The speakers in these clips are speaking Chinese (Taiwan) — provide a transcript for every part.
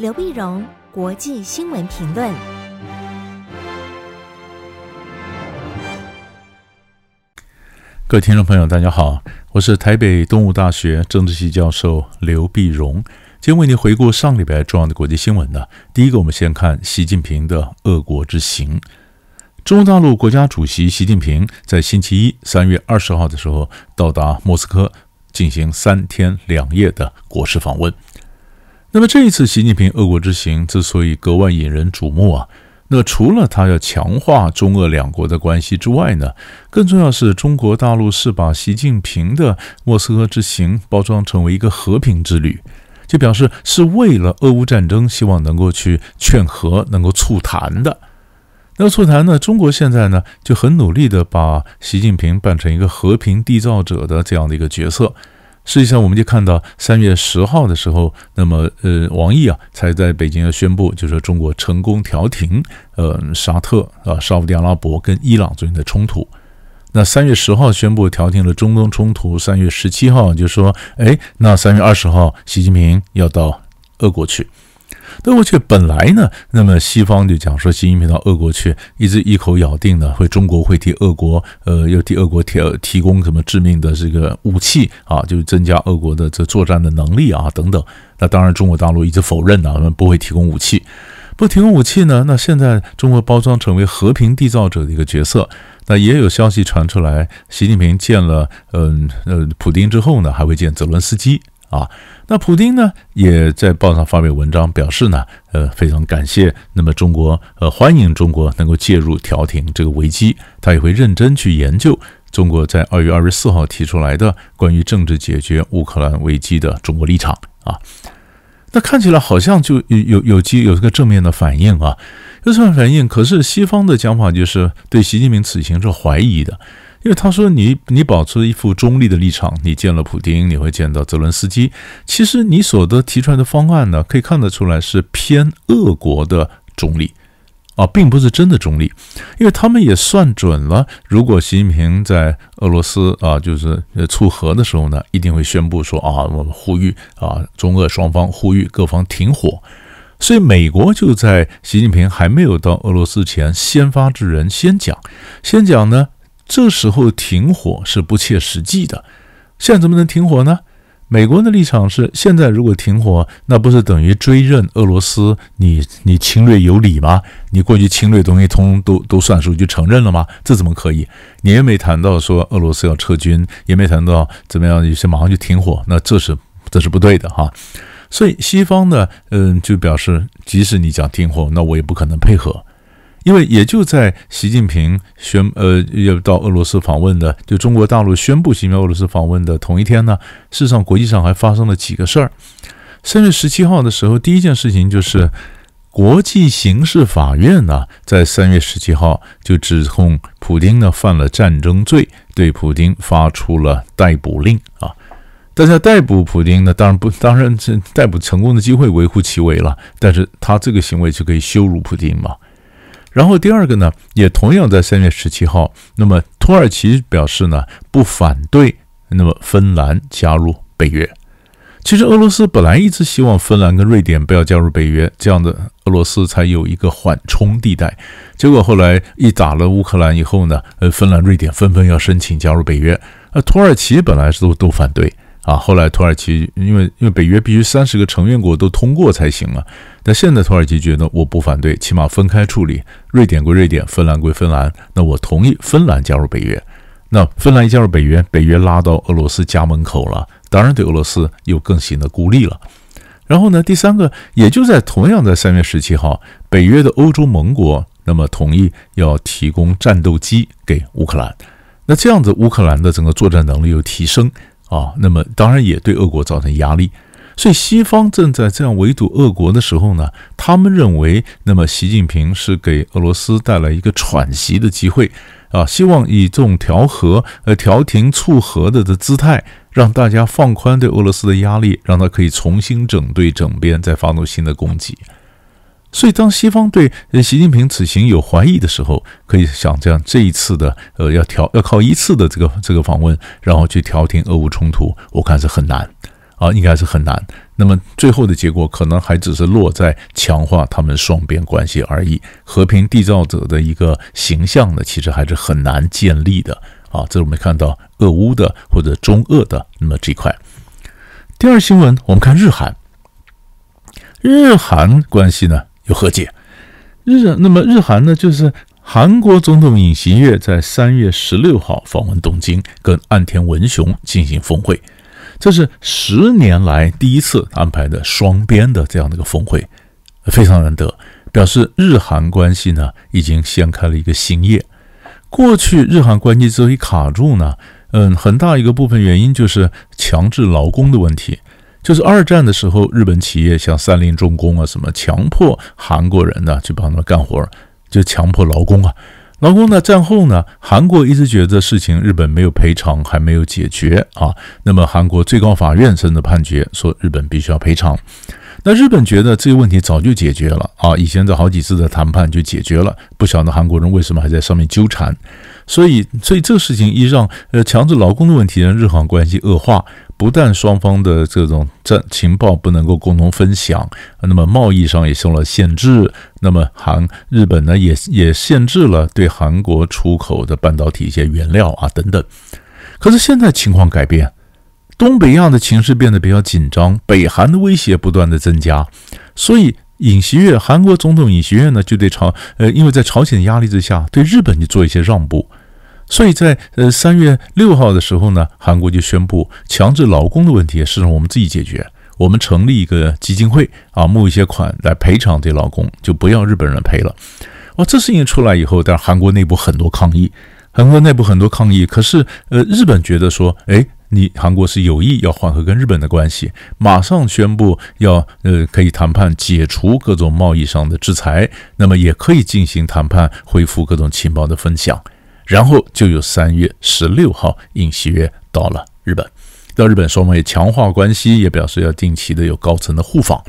劉必榮國際新聞評論。各位聽眾朋友，大家好，我是台北東吳大學政治系教授劉必榮，今天為您回顧上禮拜重要的國際新聞呢。第一個，我們先看習近平的俄國之行。中國大陸國家主席習近平在星期一三月二十號的時候，到達莫斯科，進行三天兩夜的國事訪問。那麼這一次習近平俄國之行之所以格外引人矚目啊，那除了他要強化中俄兩國的關係之外呢，更重要是中國大陸是把習近平的莫斯科之行包裝成為一個和平之旅，就表示是為了俄烏戰爭，希望能夠去勸和，能夠促談的。那促談呢，中國現在呢就很努力的把習近平扮成一個和平締造者的這樣的一個角色。實際上，我們就看到三月十號的時候，那麼呃，王毅啊，才在北京要宣布，就是說中國成功調停，呃，沙特啊，沙烏地阿拉伯跟伊朗最近的衝突。那三月十號宣布調停了中東衝突，三月十七號就說，哎，那三月二十號，習近平要到俄國去。德國卻本來呢，那麼西方就講說習近平到俄國去，一直一口咬定呢，會中國會替俄國，呃，要替俄國提提供什麼致命的這個武器啊，就增加俄國的這作戰的能力啊等等。那當然，中國大陸一直否認呢，我們不會提供武器，不提供武器呢。那現在中國包裝成為和平締造者的一個角色。那也有消息傳出來，習近平見了嗯呃普丁之後呢，還會見澤倫斯基。啊，那普丁呢也在報上發表文章，表示呢，呃，非常感謝，那麼中國，呃，歡迎中國能夠介入調停這個危機，他也會認真去研究中國在二月二十四號提出來的關於政治解決烏克蘭危機的中國立場啊。那看起來好像就有有有一個正面的反應啊，有正面反應，可是西方的講法就是對習近平此行是懷疑的。因為他說，你你保持一副中立的立場，你見了普丁，你會見到澤倫斯基。其實你所得提出來的方案呢，可以看得出來是偏俄國的中立啊，並不是真的中立，因為他們也算準了，如果習近平在俄羅斯啊就是呃促和的時候呢，一定會宣布說啊，我們呼籲啊中俄雙方呼籲各方停火，所以美國就在習近平還沒有到俄羅斯前，先發制人，先講，先講呢。這時候停火是不切實際的，現在怎麼能停火呢？美國的立場是，現在如果停火，那不是等於追認俄羅斯，你你侵略有理嗎？你過去侵略東西通都都算數就承認了嗎？這怎麼可以？你也沒談到說俄羅斯要撤軍，也沒談到怎麼樣，有些馬上就停火，那這是這是不對的哈。所以西方呢，嗯，就表示，即使你講停火，那我也不可能配合。因為也就在習近平宣呃要到俄羅斯訪問的，就中國大陸宣布習近平俄羅斯訪問的同一天呢，事實上國際上還發生了幾個事兒。三月十七號的時候，第一件事情就是國際刑事法院呢，在三月十七號就指控普丁呢犯了戰爭罪，對普丁發出了逮捕令啊。但是逮捕普丁呢，當然不，當然這逮捕成功的機會微乎其微了。但是他這個行為就可以羞辱普丁嘛。然後第二個呢，也同樣在三月十七號，那麼土耳其表示呢不反對，那麼芬蘭加入北約。其實俄羅斯本來一直希望芬蘭跟瑞典不要加入北約，這樣的俄羅斯才有一個緩衝地帶。結果後來一打了烏克蘭以後呢，呃，芬蘭、瑞典紛紛要申請加入北約。而土耳其本來是都都反對啊，後來土耳其因為因為北約必須三十個成員國都通過才行啊。那現在土耳其覺得我不反對，起碼分開處理，瑞典歸瑞典，芬蘭歸芬蘭。那我同意芬蘭加入北約。那芬蘭一加入北約，北約拉到俄羅斯家門口了，當然對俄羅斯又更形的孤立了。然後呢，第三個也就在同樣在三月十七號，北約的歐洲盟國那麼同意要提供戰鬥機給烏克蘭。那這樣子，烏克蘭的整個作戰能力又提升啊、哦，那麼當然也對俄國造成壓力。所以西方正在這樣圍堵俄國的時候呢，他們認為，那麼習近平是給俄羅斯帶來一個喘息的機會，啊，希望以這種調和、呃調停促和的的姿態，讓大家放寬對俄羅斯的壓力，讓他可以重新整隊整編，再發動新的攻擊。所以，當西方對習近平此行有懷疑的時候，可以想這樣：這一次的呃要調要靠一次的這個這個訪問，然後去調停俄烏衝突，我看是很難。啊，應該是很難。那麼最後的結果可能還只是落在強化他們雙邊關係而已。和平締造者的一個形象呢，其實還是很難建立的。啊，這是我們看到俄烏的或者中俄的。那麼這塊，第二新聞我們看日韓，日韓關係呢有和解。日，那麼日韓呢就是韓國總統尹錫悅在三月十六號訪問東京，跟岸田文雄進行峰會。這是十年來第一次安排的雙邊的這樣的一個峰會，非常難得，表示日韓關係呢已經掀開了一個新頁。過去日韓關係之所以卡住呢，嗯，很大一個部分原因就是強制勞工的問題，就是二戰的時候，日本企業像三菱重工啊什麼，強迫韓國人呢去幫他們幹活，就強迫勞工啊。勞工呢，戰後呢，韓國一直覺得事情日本沒有賠償還沒有解決啊。那麼韓國最高法院甚至判決說，日本必須要賠償。那日本覺得這個問題早就解決了啊，以前的好幾次的談判就解決了，不曉得韓國人為什麼還在上面糾纏。所以，所以這事情一讓呃強制勞工的問題讓日韓關係惡化，不但雙方的這種戰情報不能夠共同分享，那麼貿易上也受了限制，那麼韓日本呢也也限制了對韓國出口的半導體一些原料啊等等。可是現在情況改變。東北亞的情勢變得比較緊張，北韓的威脅不斷的增加，所以尹錫悅韓國總統尹錫悅呢就對朝，呃，因為在朝鮮的壓力之下，對日本就做一些讓步。所以在呃三月六號的時候呢，韓國就宣布強制勞工的問題，是讓我們自己解決，我們成立一個基金會啊，募一些款來賠償這勞工，就不要日本人賠了。哦，這事情出來以後，但韓國內部很多抗議，韓國內部很多抗議，可是呃，日本覺得說，哎。你韓國是有意要緩和跟日本的關係，馬上宣布要呃，可以談判解除各種貿易上的制裁，那麼也可以進行談判恢復各種情報的分享，然後就有三月十六號尹錫悅到了日本，到日本雙方也強化關係，也表示要定期的有高層的互訪。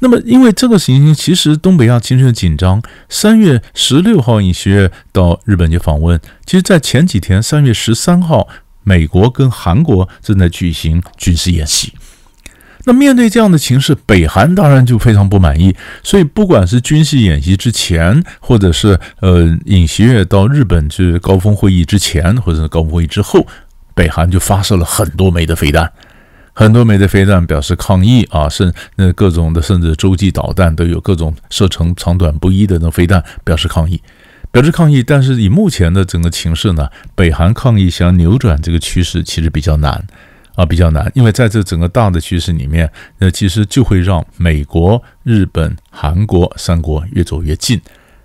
那麼因為這個情形，其實東北亞情緒緊張，三月十六號尹錫悅到日本去訪問，其實，在前幾天三月十三號。美國跟韓國正在舉行軍事演習，那面對這樣的情勢，北韓當然就非常不滿意。所以，不管是軍事演習之前，或者是呃尹錫悅到日本去高峰會議之前，或者是高峰會議之後，北韓就發射了很多枚的飛彈，很多枚的飛彈表示抗議啊，甚那各種的甚至洲際導彈都有各種射程長短不一的那種飛彈表示抗議。表示抗議，但是以目前的整個形勢呢，北韓抗議想要扭轉這個趨勢其實比較難，啊，比較難，因為在這整個大的趨勢裡面，那、呃、其實就會讓美國、日本、韓國三國越走越近，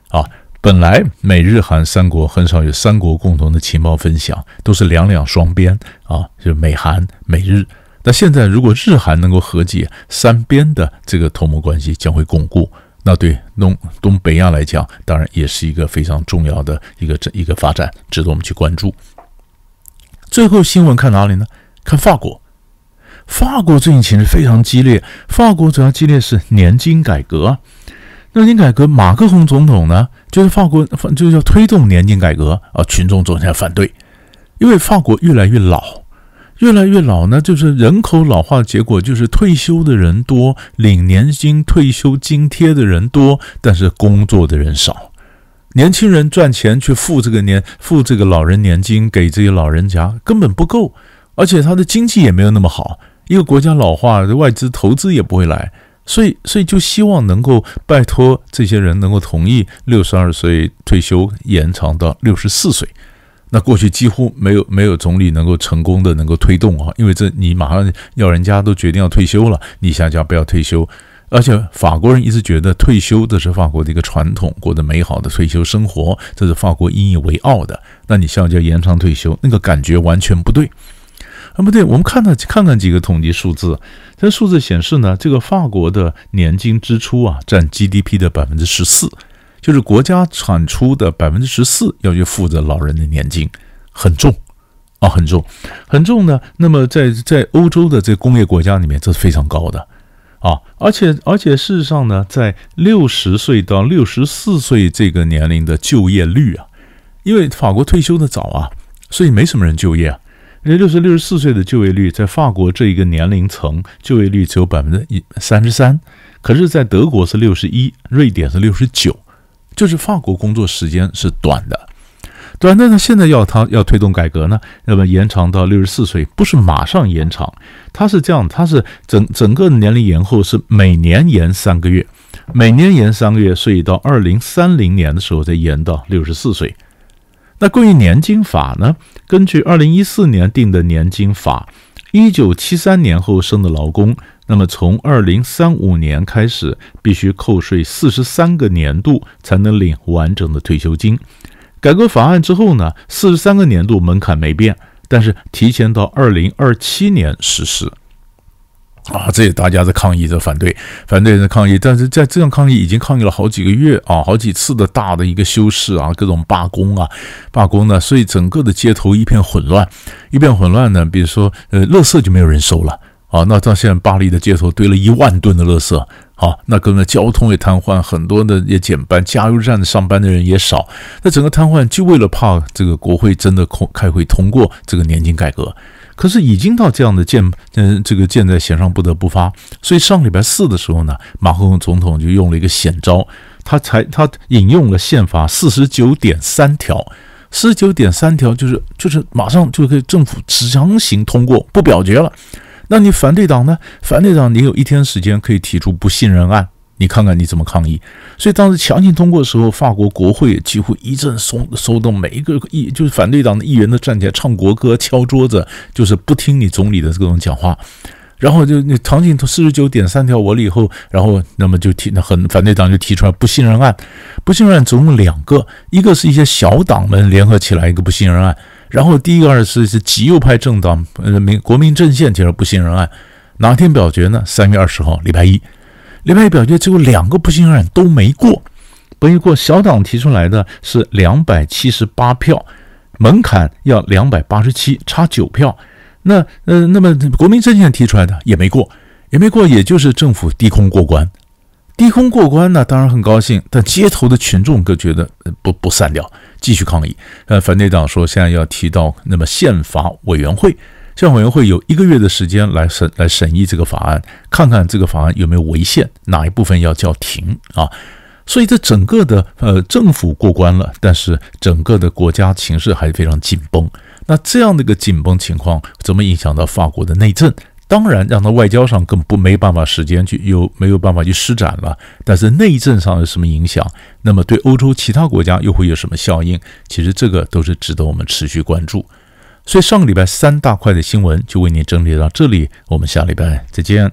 啊，本來美日韓三國很少有三國共同的情報分享，都是兩兩雙邊，啊，就是美韓、美日，那現在如果日韓能夠和解，三邊的這個同盟關係將會鞏固。那對東東北亞來講，當然也是一個非常重要的一個一個發展，值得我們去關注。最後新聞看哪裡呢？看法國，法國最近形勢非常激烈。法國主要激烈是年金改革。那年金改革，馬克宏總統呢，就是法國就是要推動年金改革啊，群眾總在反對，因為法國越來越老。越來越老呢，就是人口老化結果，就是退休的人多，領年金、退休津貼的人多，但是工作的人少。年輕人賺錢去付這個年、付這個老人年金給這些老人家根本不夠，而且他的經濟也沒有那麼好。一個國家老化，外資投資也不會來，所以，所以就希望能夠拜托這些人能夠同意，六十二歲退休延長到六十四歲。那過去幾乎沒有沒有總理能夠成功的能夠推動啊，因為這你馬上要人家都決定要退休了，你想要不要退休，而且法國人一直覺得退休這是法國的一個傳統，過着美好的退休生活，這是法國引以為傲的。那你想要延長退休，那個感覺完全不對。啊不對，我們看看看看幾個統計數字，這數字顯示呢，這個法國的年金支出啊佔 GDP 的百分之十四。就是國家產出的百分之十四要去負責老人的年金，很重，啊，很重，很重的。那麼在在歐洲的這個工業國家裡面，這是非常高的，啊，而且而且事實上呢，在六十歲到六十四歲這個年齡的就業率啊，因為法國退休的早啊，所以沒什麼人就業啊。人家六十六十四歲的就業率，在法國這一個年齡層就業率只有百分之一三十三，可是在德國是六十一，瑞典是六十九。就是法國工作時間是短的，短的呢，現在要他要推動改革呢，那麼延長到六十四歲，不是馬上延長，他是這樣，他是整整個年齡延後是每年延三個月，每年延三個月，所以到二零三零年的時候再延到六十四歲。那關於年金法呢，根據二零一四年定的年金法，一九七三年後生的勞工。那麼，從二零三五年開始，必須扣稅四十三個年度才能領完整的退休金。改革法案之後呢，四十三個年度門檻沒變，但是提前到二零二七年實施。啊，這也大家在抗議，在反對，反對在抗議，但是在這樣抗議已經抗議了好幾個月啊，好幾次的大的一個修飾啊，各種罷工啊，罷工呢，所以整個的街頭一片混亂，一片混亂呢，比如說呃，垃圾就沒有人收了。啊，那到現在巴黎的街頭堆了一萬噸的垃圾，啊，那根本交通也癱瘓，很多的也減班，加油站的上班的人也少，那整個癱瘓，就為了怕這個國會真的開開會通過這個年金改革，可是已經到這樣的箭，嗯，這個箭在弦上不得不發，所以上禮拜四的時候呢，馬克宏總統就用了一個險招，他才他引用了憲法四十九點三條，四十九點三條就是就是馬上就可以政府強行通過不表決了。那你反對黨呢？反對黨，你有一天時間可以提出不信任案，你看看你怎麼抗議。所以當時強行通過的時候，法國國會幾乎一陣鬆鬆動，每一個議就是反對黨的議員都站起來唱國歌、敲桌子，就是不聽你總理的這種講話。然後就那場景四十九點三條完了以後，然後那麼就提，很，反對黨就提出來不信任案，不信任案總共兩個，一個是一些小黨們聯合起來一個不信任案。然後第一個是是極右派政黨，呃，民國民陣線提出不信任案，哪天表決呢？三月二十號，禮拜一，禮拜一表決，最後兩個不信任案都沒過，沒過。小黨提出來的是兩百七十八票，門檻要兩百八十七，差九票。那，呃，那麼國民陣線提出來的也沒過，也沒過，也就是政府低空過關。低空過關呢，當然很高興，但街頭的群眾都覺得不不散掉，繼續抗議。那、呃、反對黨說，現在要提到那麼憲法委員會，憲法委員會有一個月的時間來審來審議這個法案，看看這個法案有沒有違憲，哪一部分要叫停啊？所以這整個的呃政府過關了，但是整個的國家情勢還是非常緊繃。那這樣的一個緊繃情況，怎麼影響到法國的內政？當然，讓他外交上更不沒辦法時間去，又沒有辦法去施展了。但是內政上有什麼影響？那麼對歐洲其他國家又會有什麼效應？其實這個都是值得我們持續關注。所以上個禮拜三大塊的新聞就為您整理到這裡，我們下禮拜再見。